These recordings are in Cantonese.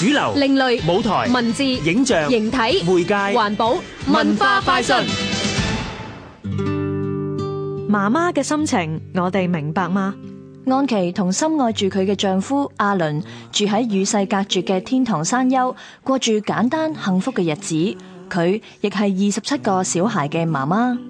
主流、另類舞台、文字、影像、形體、媒介、環保、文化、快訊。媽媽嘅心情，我哋明白嗎？安琪同深愛住佢嘅丈夫阿倫住喺與世隔絕嘅天堂山丘，過住簡單幸福嘅日子。佢亦係二十七個小孩嘅媽媽。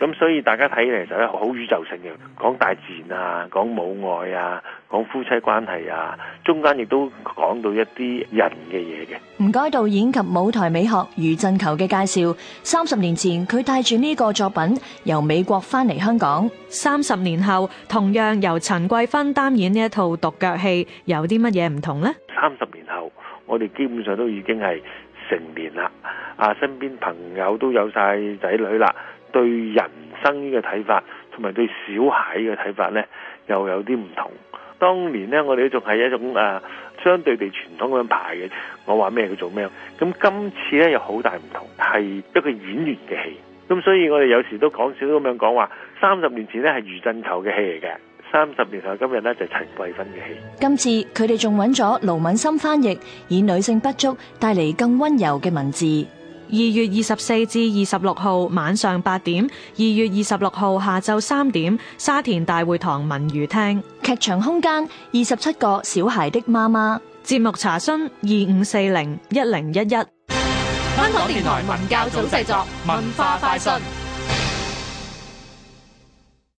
咁所以大家睇嚟就咧好宇宙性嘅，講大自然啊，講母愛啊，講夫妻關係啊，中間亦都講到一啲人嘅嘢嘅。唔該，導演及舞台美學余振球嘅介紹。三十年前佢帶住呢個作品由美國翻嚟香港，三十年後同樣由陳桂芬擔演呢一套獨腳戲，有啲乜嘢唔同咧？三十年後，我哋基本上都已經係成年啦，啊，身邊朋友都有晒仔女啦。對人生嘅睇法，同埋對小孩嘅睇法呢，又有啲唔同。當年呢，我哋仲係一種誒、啊，相對地傳統咁樣排嘅。我話咩叫做咩，咁今次呢，有好大唔同，係一個演員嘅戲。咁所以我哋有時都講少少咁樣講話。三十年前呢，係余振球嘅戲嚟嘅，三十年後今日呢，就是、陳桂芬嘅戲。今次佢哋仲揾咗盧敏心翻譯，以女性不足帶嚟更温柔嘅文字。二月二十四至二十六號晚上八點，二月二十六號下晝三點，沙田大會堂文娛廳，劇場空間，二十七個小孩的媽媽，節目查詢二五四零一零一一。香港電台文教組製作，文化快訊。